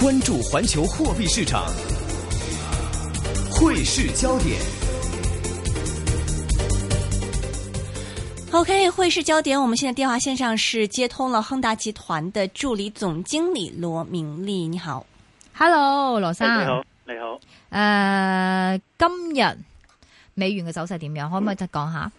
關注環球貨幣市場，匯市焦點。OK，匯市焦點，我們現在電話線上是接通了亨達集團的助理總經理羅明立。你好，Hello，羅生，hey, 你好，你好。呃，uh, 今日美元嘅走勢點樣？可唔、嗯、可以再講下？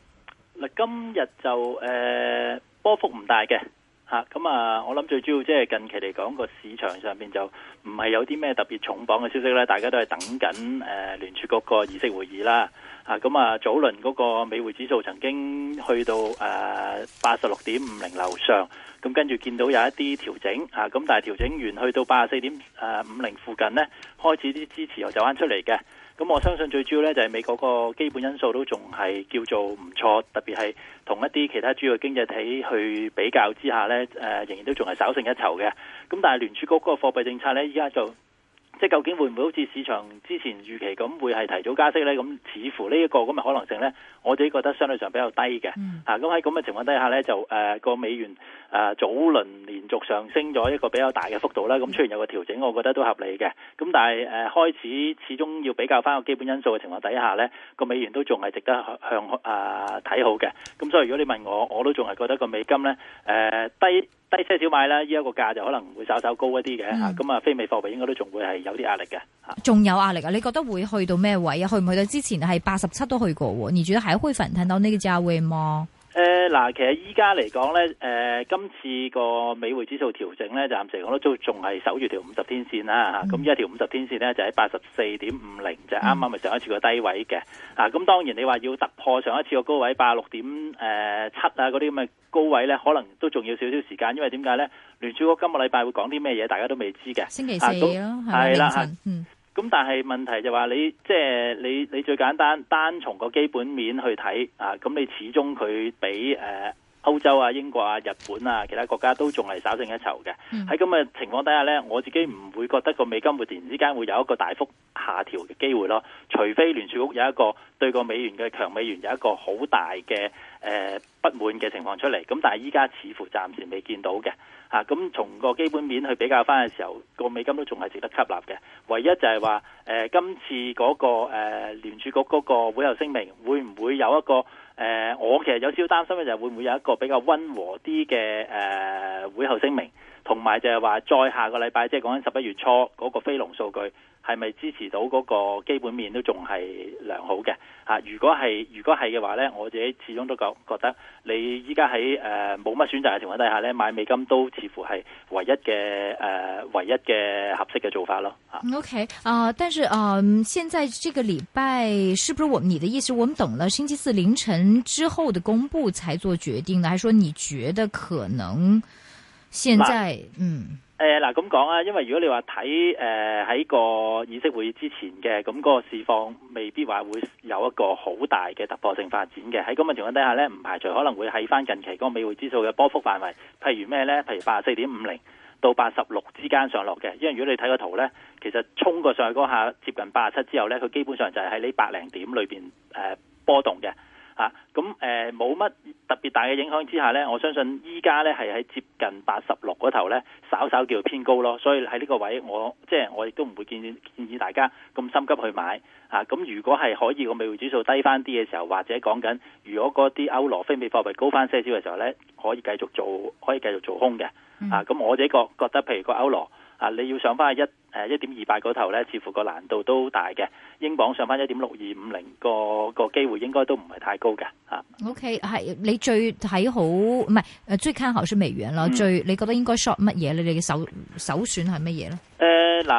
嗱，今日就誒，波幅唔大嘅。嚇，咁啊！我諗最主要即係近期嚟講，個市場上邊就唔係有啲咩特別重磅嘅消息呢，大家都係等緊誒聯儲局個議息會議啦。咁啊，啊，早輪嗰個美匯指數曾經去到誒八十六點五零樓上，咁、啊、跟住見到有一啲調整咁、啊、但係調整完去到八十四點五零附近呢，開始啲支持又走翻出嚟嘅。咁我相信最主要咧就係美國個基本因素都仲係叫做唔錯，特別係同一啲其他主要經濟體去比較之下咧，誒、呃，仍然都仲係稍勝一籌嘅。咁但係聯儲局嗰個貨幣政策咧，依家就。即究竟會唔會好似市場之前預期咁，會係提早加息呢？咁似乎呢一個咁嘅可能性呢，我自己覺得相對上比較低嘅。嚇、嗯，咁喺咁嘅情況底下呢，就誒個、呃、美元誒、呃、早輪連續上升咗一個比較大嘅幅度啦。咁、嗯、雖然有個調整，我覺得都合理嘅。咁但係誒、呃、開始始終要比較翻個基本因素嘅情況底下呢，個美元都仲係值得向誒睇、呃、好嘅。咁所以如果你問我，我都仲係覺得個美金呢。誒、呃、低。低車少買啦，依家個價就可能會稍稍高一啲嘅吓，咁啊、嗯、非美貨幣應該都仲會係有啲壓力嘅吓，仲有壓力啊？你覺得會去到咩位啊？去唔去到之前係八十七都去過喎？你住喺還會反彈到呢個價位嗎？誒，嗱、呃，其實依家嚟講咧，誒、呃，今次個美匯指數調整咧、啊嗯，就暫時講都仲係守住條五十天線啦，吓，咁依一條五十天線咧就喺八十四點五零，就啱啱咪上一次個低位嘅。咁、嗯啊、當然你話要突破上一次個高位八十六點誒七啊，嗰啲咁嘅高位咧，可能都仲要少少時間，因為點解咧？聯儲局今個禮拜會講啲咩嘢，大家都未知嘅，星期四係、啊、啦，啊、嗯。咁但係問題就話：就是、你即係你你最簡單單從個基本面去睇啊，咁你始終佢比誒。呃歐洲啊、英國啊、日本啊、其他國家都仲係稍勝一籌嘅。喺咁嘅情況底下呢，我自己唔會覺得個美金會突然之間會有一個大幅下調嘅機會咯。除非聯儲局有一個對個美元嘅強美元有一個好大嘅誒、呃、不滿嘅情況出嚟。咁但係依家似乎暫時未見到嘅。咁、啊、從個基本面去比較翻嘅時候，個美金都仲係值得吸納嘅。唯一就係話誒，今次嗰、個誒、呃、聯儲局嗰個會後聲明會唔會有一個？誒、呃，我其實有少少擔心咧，就係會唔會有一個比較溫和啲嘅誒會後聲明。同埋就係話，再下個禮拜即係講緊十一月初嗰個非農數據係咪支持到嗰個基本面都仲係良好嘅吓？如果係如果係嘅話咧，我自己始終都覺覺得你依家喺誒冇乜選擇嘅情況底下咧，買美金都似乎係唯一嘅誒、呃、唯一嘅合適嘅做法咯。吓，OK 啊、呃，但是啊、呃，現在這個禮拜是不是我們你的意思？我們等咗星期四凌晨之後的公布才做決定呢？還是說你覺得可能？現在嗯，誒嗱咁講啊，因為如果你話睇誒喺個議息會議之前嘅，咁、那、嗰個市況未必話會有一個好大嘅突破性發展嘅。喺咁嘅情況底下咧，唔排除可能會喺翻近期個美匯指數嘅波幅範圍，譬如咩咧，譬如八十四點五零到八十六之間上落嘅。因為如果你睇個圖咧，其實衝過上去嗰下接近八十七之後咧，佢基本上就係喺呢八零點裏邊誒、呃、波動嘅。咁冇乜特別大嘅影響之下咧，我相信依家咧係喺接近八十六嗰頭咧，稍稍叫做偏高咯。所以喺呢個位我，我即係我亦都唔會建議建議大家咁心急去買啊。咁如果係可以個美匯指數低翻啲嘅時候，或者講緊如果嗰啲歐羅非美貨幣高翻些少嘅時候咧，可以繼續做可以繼續做空嘅啊。咁我自己覺覺得，譬如個歐羅啊，你要上翻去一。誒，一點二八嗰頭咧，似乎個難度都大嘅，英鎊上翻一點六二五零個個機會應該都唔係太高嘅吓。O K，係你最睇好唔係？誒，最看後市未完咯，最你覺得應該 short 乜嘢咧？你嘅首首選係乜嘢咧？誒，嗱，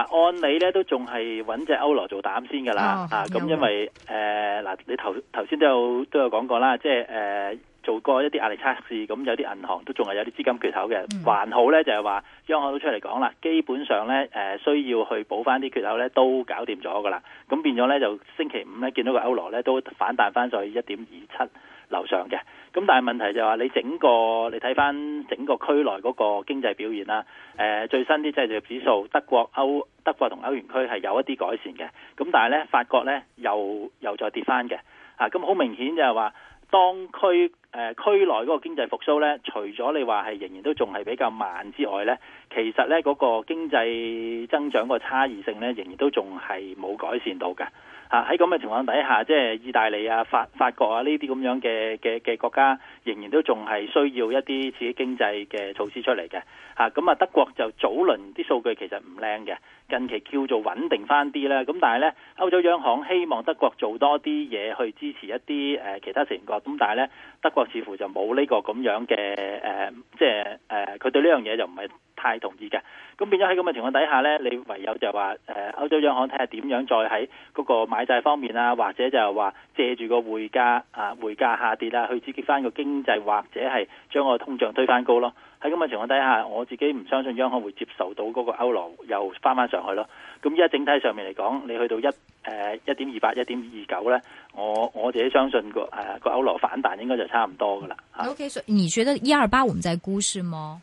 按理咧都仲係揾隻歐羅做膽先噶啦，啊，咁因為誒，嗱，你頭頭先都有都有講過啦，即係誒。做過一啲壓力測試，咁有啲銀行都仲係有啲資金缺口嘅，還好呢，就係話央行都出嚟講啦，基本上呢，誒、呃、需要去補翻啲缺口呢，都搞掂咗噶啦，咁變咗呢，就星期五呢見到個歐羅呢，都反彈翻去一點二七樓上嘅，咁但係問題就係話你整個你睇翻整個區內嗰個經濟表現啦，誒、呃、最新啲製造業指數，德國歐德國同歐元區係有一啲改善嘅，咁但係呢，法國呢又又再跌翻嘅，嚇咁好明顯就係話。當區誒區、呃、內嗰個經濟復甦咧，除咗你話係仍然都仲係比較慢之外咧，其實咧嗰、嗰個經濟增長個差異性咧，仍然都仲係冇改善到嘅。啊！喺咁嘅情況底下，即係意大利啊、法法國啊呢啲咁樣嘅嘅嘅國家，仍然都仲係需要一啲刺激經濟嘅措施出嚟嘅。嚇咁啊，德國就早輪啲數據其實唔靚嘅，近期叫做穩定翻啲啦。咁但係呢，歐洲央行希望德國做多啲嘢去支持一啲誒、呃、其他成員國。咁但係呢，德國似乎就冇呢個咁樣嘅誒、呃，即係誒，佢、呃、對呢樣嘢就唔係。太同意嘅，咁變咗喺咁嘅情況底下呢，你唯有就話誒，歐洲央行睇下點樣再喺嗰個買債方面啊，或者就係話借住個匯價啊，匯價下跌啊，去刺激翻個經濟，或者係將個通脹推翻高咯。喺咁嘅情況底下，我自己唔相信央行會接受到嗰個歐羅又翻翻上去咯。咁而家整體上面嚟講，你去到一誒一點二八、一點二九呢，我我自己相信、個誒個歐羅反彈應該就差唔多噶啦。啊，okay，所以你覺得一二八我們在沽是嗎？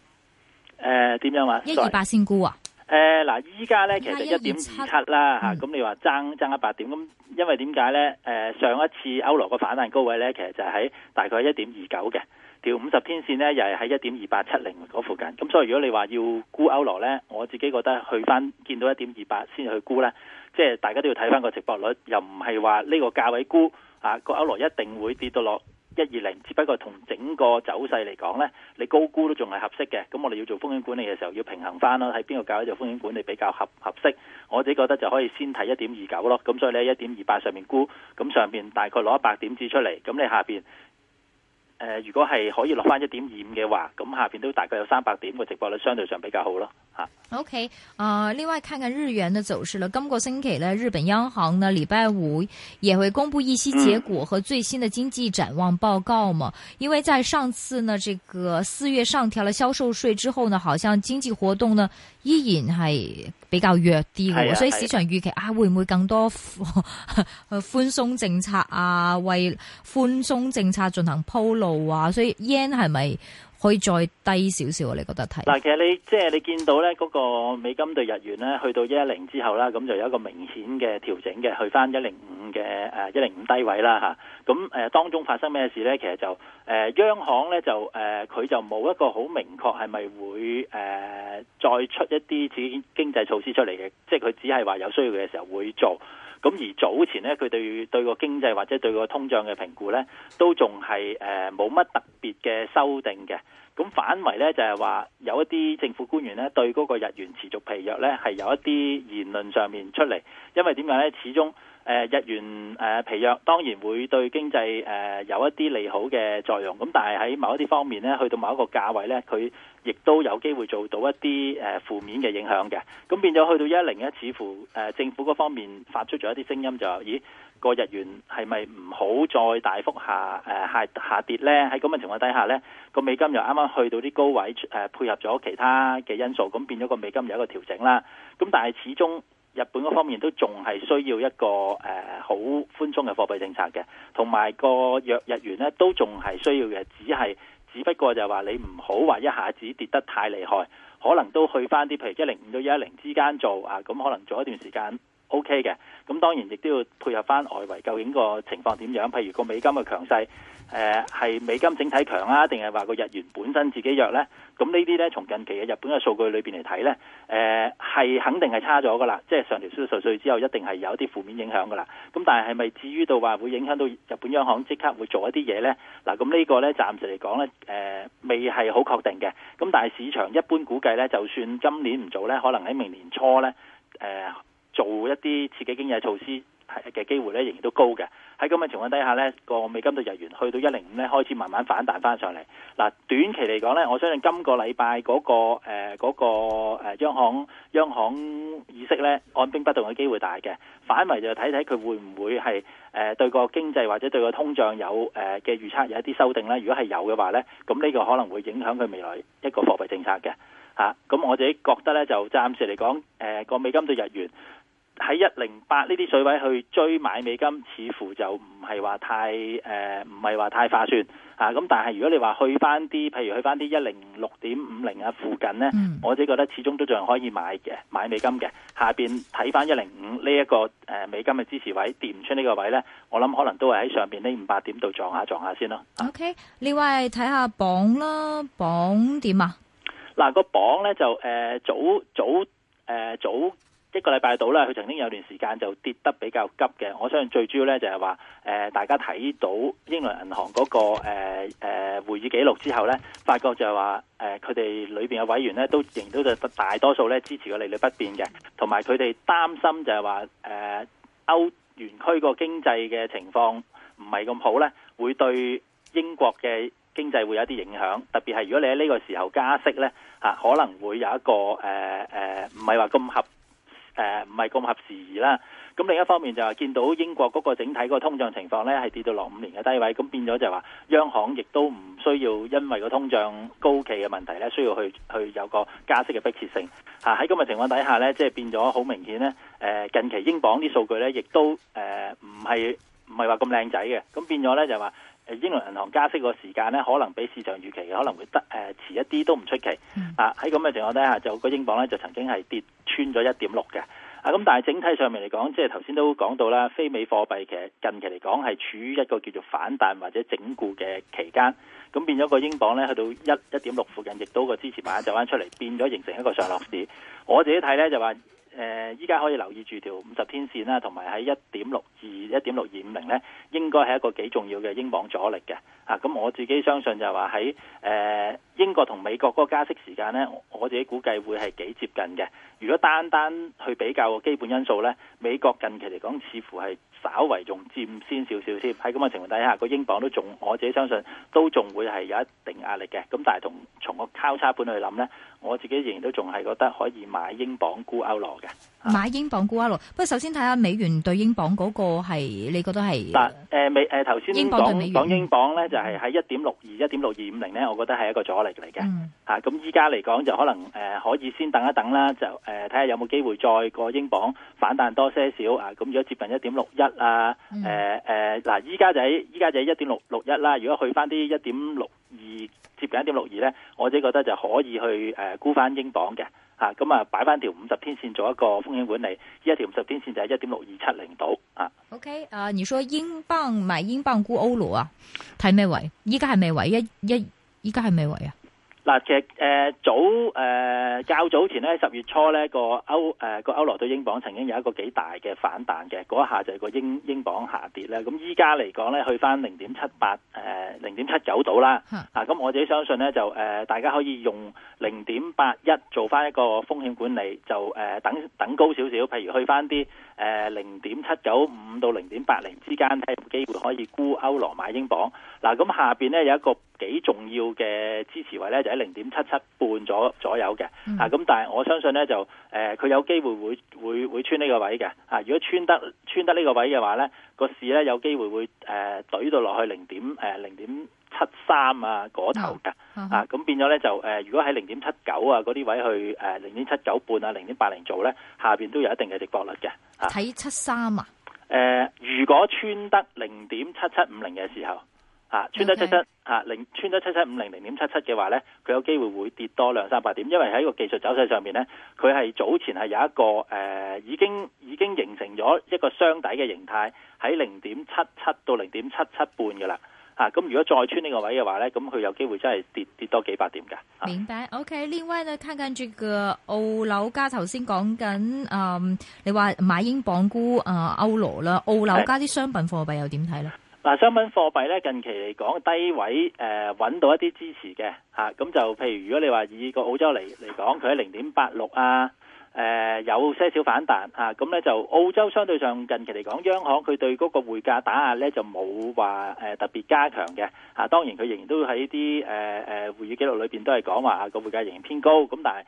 誒，點、呃、樣啊？一二八先沽啊？誒、呃，嗱，依家咧其實一點二七啦吓，咁、嗯、你話爭爭一八點，咁因為點解咧？誒、呃，上一次歐羅嘅反彈高位咧，其實就喺大概一點二九嘅，條五十天線咧又係喺一點二八七零嗰附近，咁所以如果你話要沽歐羅咧，我自己覺得去翻見到一點二八先去沽啦，即、就、係、是、大家都要睇翻個直播率，又唔係話呢個價位沽啊個歐羅一定會跌到落。一二零，120，只不過同整個走勢嚟講呢，你高沽都仲係合適嘅。咁我哋要做風險管理嘅時候，要平衡翻咯，喺邊個價位做風險管理比較合合適？我自己覺得就可以先睇一點二九咯。咁所以你喺一點二八上面沽，咁上面大概攞一百點子出嚟，咁你下面。呃、如果係可以落翻一點二五嘅話，咁下面都大概有三百點嘅直播率，相對上比較好咯 OK，啊、呃，另外看看日元嘅走勢啦。今個星期呢，日本央行呢禮拜五也會公布議息結果和最新的經濟展望報告嘛。因為在上次呢，這個四月上調了銷售稅之後呢，好像經濟活動呢。依然係比較弱啲嘅，啊、所以市場預期啊，啊，會唔會更多呵呵寬鬆政策啊？為寬鬆政策進行鋪路啊？所以 yen 係咪？可以再低少少，你覺得睇。嗱，其實你即係、就是、你見到咧，嗰個美金對日元咧，去到一一零之後啦，咁就有一個明顯嘅調整嘅，去翻一零五嘅誒一零五低位啦吓。咁、啊、誒、啊、當中發生咩事咧？其實就誒、呃、央行咧就誒佢、呃、就冇一個好明確係咪會誒、呃、再出一啲經濟措施出嚟嘅，即係佢只係話有需要嘅時候會做。咁而早前呢，佢對對個經濟或者對個通脹嘅評估呢，都仲係誒冇乜特別嘅修訂嘅。咁反為呢，就係話有一啲政府官員呢，對嗰個日元持續疲弱呢，係有一啲言論上面出嚟，因為點解呢？始終。誒日元誒疲弱，當然會對經濟誒有一啲利好嘅作用。咁但係喺某一啲方面咧，去到某一個價位咧，佢亦都有機會做到一啲誒負面嘅影響嘅。咁變咗去到一零咧，似乎誒政府嗰方面發出咗一啲聲音就，就咦個日元係咪唔好再大幅下誒下下跌咧？喺咁嘅情況底下咧，個美金又啱啱去到啲高位，誒配合咗其他嘅因素，咁變咗個美金有一個調整啦。咁但係始終。日本嗰方面都仲係需要一個誒好寬鬆嘅貨幣政策嘅，同埋個弱日元咧都仲係需要嘅，只係只不過就話你唔好話一下子跌得太厲害，可能都去返啲譬如一零五到一一零之間做啊，咁可能做一段時間。O.K. 嘅，咁當然亦都要配合翻外圍，究竟個情況點樣？譬如個美金嘅強勢，誒、呃、係美金整體強啊，定係話個日元本身自己弱呢？咁呢啲呢，從近期嘅日本嘅數據裏面嚟睇呢，誒、呃、係肯定係差咗㗎喇。即係上調消費稅之後，一定係有啲負面影響㗎喇。咁但係係咪至於到話會影響到日本央行即刻會做一啲嘢呢？嗱，咁呢個呢，暫時嚟講呢，誒、呃、未係好確定嘅。咁但係市場一般估計呢，就算今年唔做呢，可能喺明年初呢，呃做一啲刺激經濟措施嘅機會咧，仍然都高嘅。喺咁嘅情況底下呢個美金對日元去到一零五呢，開始慢慢反彈翻上嚟嗱、啊。短期嚟講呢，我相信今個禮拜嗰個誒嗰、呃那個、央行央行議息呢，按兵不動嘅機會大嘅。反為就睇睇佢會唔會係誒、呃、對個經濟或者對個通脹有誒嘅、呃、預測有一啲修訂呢。如果係有嘅話呢，咁呢個可能會影響佢未來一個貨幣政策嘅嚇。咁、啊、我自己覺得呢，就暫時嚟講誒個美金對日元。喺一零八呢啲水位去追買美金，似乎就唔係話太誒，唔係話太划算啊！咁但係如果你話去翻啲，譬如去翻啲一零六點五零啊附近咧，嗯、我自己覺得始終都仲可以買嘅，買美金嘅。下邊睇翻一零五呢一個誒、呃、美金嘅支持位掂唔出呢個位咧，我諗可能都係喺上邊呢五百點度撞一下撞一下先咯。啊、OK，呢位睇下榜，榜、啊、啦，榜點啊？嗱個榜咧就誒早早誒早。早呃早一個禮拜到啦，佢曾經有段時間就跌得比較急嘅。我相信最主要咧就係話，誒、呃，大家睇到英倫銀行嗰、那個誒誒、呃呃、會議記錄之後咧，發覺就係話，誒、呃，佢哋裏邊嘅委員咧都仍然都係大多數咧支持個利率不變嘅，同埋佢哋擔心就係話，誒、呃，歐元區個經濟嘅情況唔係咁好咧，會對英國嘅經濟會有啲影響。特別係如果你喺呢個時候加息咧，吓、啊、可能會有一個誒誒，唔係話咁合。誒唔係咁合時宜啦。咁另一方面就係見到英國嗰個整體個通脹情況咧，係跌到落五年嘅低位，咁變咗就係話央行亦都唔需要因為個通脹高企嘅問題咧，需要去去有個加息嘅迫切性吓。喺咁嘅情況底下咧，即係變咗好明顯咧、呃。近期英鎊啲數據咧，亦都誒唔係唔係話咁靚仔嘅，咁、呃、變咗咧就係話。英倫銀行加息個時間呢，可能比市場預期嘅可能會得誒、呃、遲一啲都唔出奇。嗯、啊喺咁嘅情況底下，就個英鎊呢，就曾經係跌穿咗一點六嘅。啊咁，但係整體上面嚟講，即係頭先都講到啦，非美貨幣其實近期嚟講係處於一個叫做反彈或者整固嘅期間。咁變咗個英鎊呢，去到一一點六附近，亦都個支持位走就返出嚟，變咗形成一個上落市。我自己睇呢，就話誒，依、呃、家可以留意住條五十天線啦，同埋喺一點六二、一點六二五零呢。都係一個幾重要嘅英鎊阻力嘅，啊咁我自己相信就係話喺誒英國同美國嗰個加息時間呢，我自己估計會係幾接近嘅。如果單單去比較個基本因素呢，美國近期嚟講似乎係稍為仲佔先少少先。喺咁嘅情況底下，個英鎊都仲我自己相信都仲會係有一定壓力嘅。咁、嗯、但係同從個交叉盤去諗呢，我自己仍然都仲係覺得可以買英鎊沽歐羅嘅。買英鎊沽一路，不過首先睇下美元對英鎊嗰個係，你覺得係？嗱，誒美頭先英鎊對英鎊咧就係喺一點六二、一點六二五零咧，我覺得係一個阻力嚟嘅。嗯。咁依家嚟講就可能、呃、可以先等一等啦，就誒睇下有冇機會再個英鎊反彈多些少啊？咁如果接近一點六一啊，嗱、嗯，依家、呃呃、就喺依家就喺一點六六一啦。如果去翻啲一點六二，接近一點六二咧，我自己覺得就可以去估、呃、沽翻英鎊嘅。啊，咁啊，擺翻條五十天線做一個風險管理，依一條五十天線就係一點六二七零度啊。O K，啊，你說英鎊買英鎊沽歐羅啊，睇咩位？依家係咩位？一一依家係咩位啊？嗱、啊，其實誒、呃、早誒。呃較早前咧，十月初咧個歐誒個、呃、歐羅對英鎊曾經有一個幾大嘅反彈嘅，嗰一下就係個英英鎊下跌咧。咁依家嚟講咧，去翻零點七八誒零點七九度啦。的啊，咁我自己相信咧，就誒、呃、大家可以用零點八一做翻一個風險管理，就誒、呃、等等高少少，譬如去翻啲誒零點七九五到零點八零之間，係機會可以沽歐羅買英鎊。嗱、呃，咁、呃呃、下邊咧有一個幾重要嘅支持位咧，就喺零點七七半左左右嘅。嗯、啊，咁但係我相信咧就，誒、呃、佢有機會會會會穿呢個位嘅，啊如果穿得穿得呢個位嘅話咧，個市咧有機會會誒懟、呃、到落去零點誒零點七三啊嗰頭嘅，哦、啊咁變咗咧就誒、呃、如果喺零點七九啊嗰啲位去誒零點七九半啊零點八零做咧，下邊都有一定嘅跌幅率嘅，啊睇七三啊，誒、啊、如果穿得零點七七五零嘅時候。啊，穿得七七嚇零，穿得七七五零零點七七嘅話咧，佢有機會會跌多兩三百點，因為喺個技術走勢上面咧，佢係早前係有一個誒、呃，已經已經形成咗一個雙底嘅形態喺零點七七到零點七七半噶啦，吓、啊、咁、啊、如果再穿呢個位嘅話咧，咁佢有機會真係跌跌多幾百點嘅。明白？OK，另外咧，看跟住個澳紐加頭先講緊，嗯，你話買英鎊沽啊，歐羅啦，澳紐加啲商品貨幣又點睇咧？嗱，商品貨幣咧，近期嚟講低位，誒揾到一啲支持嘅嚇，咁就譬如如果你話以個澳洲嚟嚟講，佢係零點八六啊，誒有些少反彈嚇，咁咧就澳洲相對上近期嚟講，央行佢對嗰個匯價打壓咧就冇話誒特別加強嘅嚇，當然佢仍然都喺啲誒誒會議記錄裏邊都係講話個匯價仍然偏高，咁但係。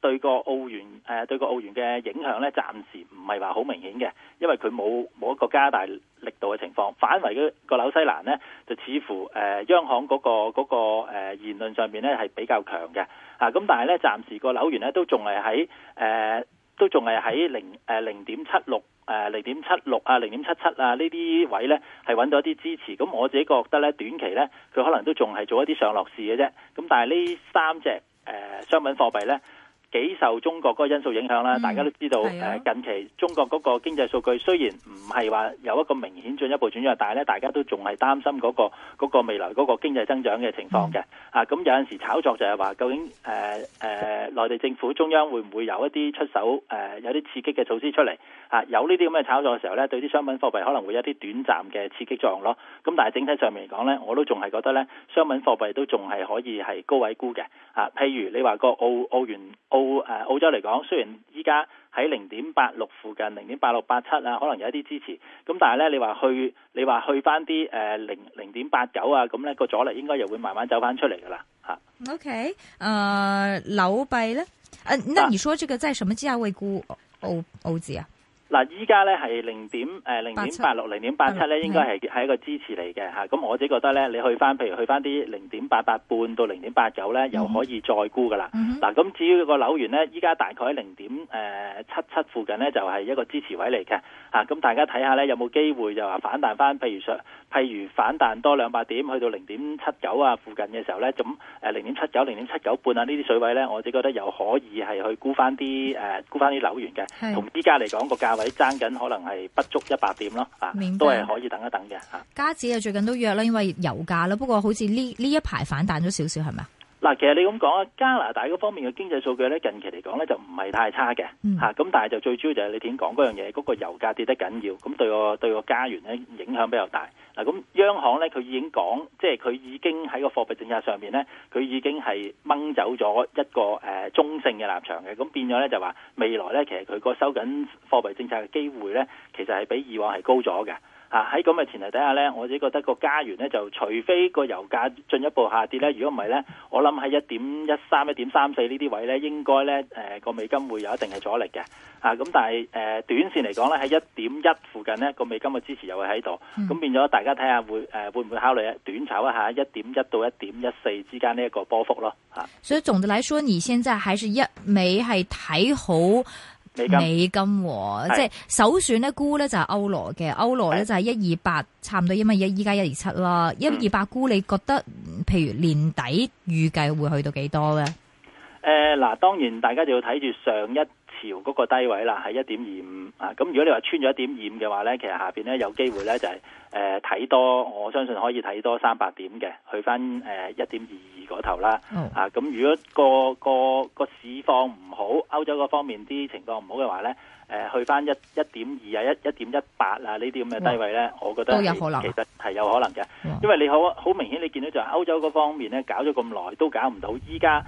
對個澳元誒對個澳元嘅影響咧，暫時唔係話好明顯嘅，因為佢冇冇一個加大力度嘅情況。反為嘅個紐西蘭咧，就似乎誒、呃、央行嗰、那個嗰、那個、言論上面咧係比較強嘅嚇。咁、啊、但係咧，暫時個紐元咧都仲係喺誒都仲係喺零誒零點七六誒零點七六啊零點七七啊呢啲位咧係揾到一啲支持。咁我自己覺得咧，短期咧佢可能都仲係做一啲上落市嘅啫。咁但係呢三隻誒、呃、商品貨幣咧。幾受中國嗰個因素影響啦，嗯、大家都知道誒近期中國嗰個經濟數據雖然唔係話有一個明顯進一步轉弱，但係咧大家都仲係擔心嗰、嗰個嗰個未來嗰個經濟增長嘅情況嘅。嗯、啊，咁有陣時候炒作就係話究竟誒誒、呃呃、內地政府中央會唔會有一啲出手誒、呃、有啲刺激嘅措施出嚟？啊，有呢啲咁嘅炒作嘅時候咧，對啲商品貨幣可能會有一啲短暫嘅刺激作用咯。咁但係整體上面嚟講咧，我都仲係覺得咧，商品貨幣都仲係可以係高位沽嘅。啊，譬如你話個澳澳元澳。到誒澳洲嚟講，雖然依家喺零點八六附近，零點八六八七啊，可能有一啲支持，咁但係咧，你話去，你話去翻啲誒零零點八九啊，咁、那、咧個阻力應該又會慢慢走翻出嚟噶啦嚇。O K，誒紐幣咧，誒、呃、那你說這個在什麼價位沽澳澳字啊？嗱，依家咧係零點誒零點八六零點八七咧，0. 86, 0. 應該係係一個支持嚟嘅吓。咁我自己覺得咧，你去返譬如去返啲零點八八半到零點八九咧，又可以再沽㗎喇。嗱，咁至於個樓源咧，依家大概喺零點誒七七附近咧，就係一個支持位嚟嘅。咁、啊、大家睇下咧，有冇機會就話反彈翻？譬如上，譬如反彈多兩百點，去到零點七九啊附近嘅時候咧，咁零點七九、零點七九半啊呢啲水位咧，我自己覺得又可以係去沽翻啲誒沽翻啲澳元嘅。是同依家嚟講個價位爭緊，可能係不足一百點咯。啊，白都係可以等一等嘅。啊，加紙啊最近都弱啦，因為油價啦，不過好似呢呢一排反彈咗少少，係咪啊？其實你咁講啊，加拿大嗰方面嘅經濟數據咧，近期嚟講咧就唔係太差嘅，嚇咁、嗯，但係就最主要就係你點講嗰樣嘢，嗰、那個油價跌得緊要，咁對個對個加元咧影響比較大。嗱，咁央行咧佢已經講，即係佢已經喺個貨幣政策上邊咧，佢已經係掹走咗一個誒、呃、中性嘅立場嘅，咁變咗咧就話未來咧其實佢個收緊貨幣政策嘅機會咧，其實係比以往係高咗嘅。啊！喺咁嘅前提底下呢，我自己覺得個加元呢，就除非個油價進一步下跌呢。如果唔係呢，我諗喺一點一三、一點三四呢啲位呢，應該呢誒個美金會有一定嘅阻力嘅。啊，咁但係誒短線嚟講呢，喺一點一附近呢，個美金嘅支持又會喺度，咁變咗大家睇下會誒會唔會考慮短炒一下一點一到一點一四之間呢一個波幅咯。啊，所以總的來說，你現在還是一味係睇好。美金即係首選咧，沽咧就係歐羅嘅，歐羅咧就係一二八，差唔多一蚊一，依家一二七啦，一二八沽你覺得，嗯、譬如年底預計會去到幾多咧？誒、嗯，嗱、呃，當然大家就要睇住上一。嗰個低位啦，係一點二五啊，咁如果你話穿咗一點二五嘅話咧，其實下邊咧有機會咧就係誒睇多，我相信可以睇多三百點嘅，去翻誒一點二二嗰頭啦，嗯、啊，咁如果個個個市況唔好，歐洲嗰方面啲情況唔好嘅話咧，誒、呃、去翻一一點二啊，一一點一八啊，呢啲咁嘅低位咧，嗯、我覺得都有可能，其實係有可能嘅，嗯、因為你好好明顯你見到就係歐洲嗰方面咧搞咗咁耐都搞唔到，依家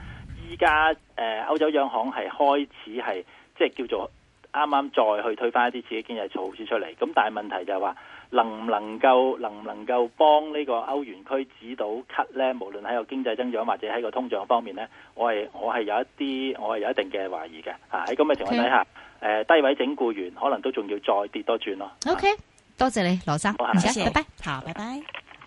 依家誒歐洲央行係開始係。即係叫做啱啱再去推翻一啲自己經濟措施出嚟，咁但係問題就係話能唔能夠，能唔能夠幫呢個歐元區指到 cut 呢？無論喺個經濟增長或者喺個通脹方面呢，我係我係有一啲，我係有一定嘅懷疑嘅嚇。喺咁嘅情況底下，誒 Okay. 低位整固完，可能都仲要再跌多轉咯。OK，多謝你，羅生，唔該，謝謝好，拜拜。好。